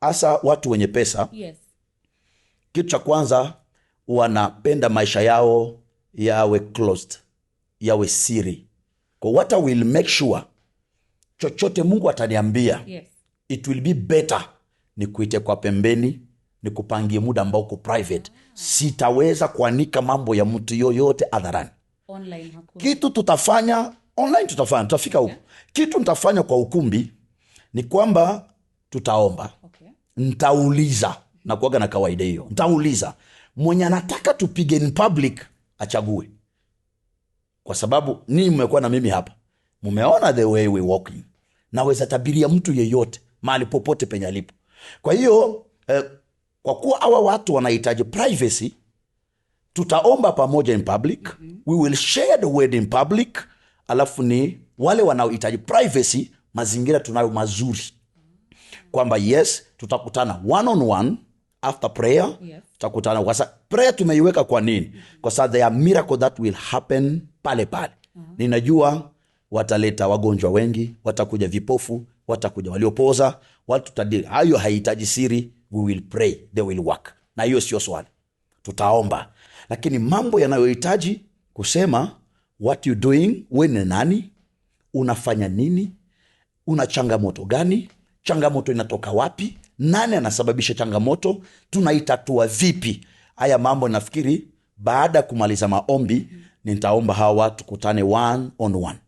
hasa watu wenye pesa yes. Kitu cha kwanza wanapenda maisha yao yawe closed, yawe siri. Kwa what I will make sure chochote Mungu ataniambia yes. It will be better nikuite kwa pembeni nikupangie muda ambao uko private. Ah. Sitaweza kuanika mambo ya mtu yoyote hadharani. Kitu tutafanya online, tutafanya tutafika huko yeah. Kitu nitafanya kwa ukumbi ni kwamba tutaomba okay. Ntauliza nakuaga na kawaida hiyo, ntauliza mwenye anataka tupige in public achague, kwa sababu ni mmekuwa na mimi hapa, mmeona the way we walking. Naweza tabiria mtu yeyote mahali popote penye alipo. Kwa hiyo eh, kwa kuwa hawa watu wanahitaji privacy, tutaomba pamoja in public mm -hmm. we will share the word in public, alafu ni wale wanaohitaji privacy, mazingira tunayo mazuri kwamba yes tutakutana one on one after prayer yes. tutakutana kwa prayer tumeiweka kwa nini kwa sababu there are miracle that will happen pale pale uh-huh. ninajua wataleta wagonjwa wengi watakuja vipofu watakuja waliopoza watu tadili hayo haihitaji siri we will pray they will work na hiyo sio swali tutaomba lakini mambo yanayohitaji kusema what you doing wewe ni nani unafanya nini una changamoto gani changamoto inatoka wapi, nani anasababisha changamoto, tunaitatua vipi. Haya mambo nafikiri baada ya kumaliza maombi, nitaomba hawa watu kutane one on one.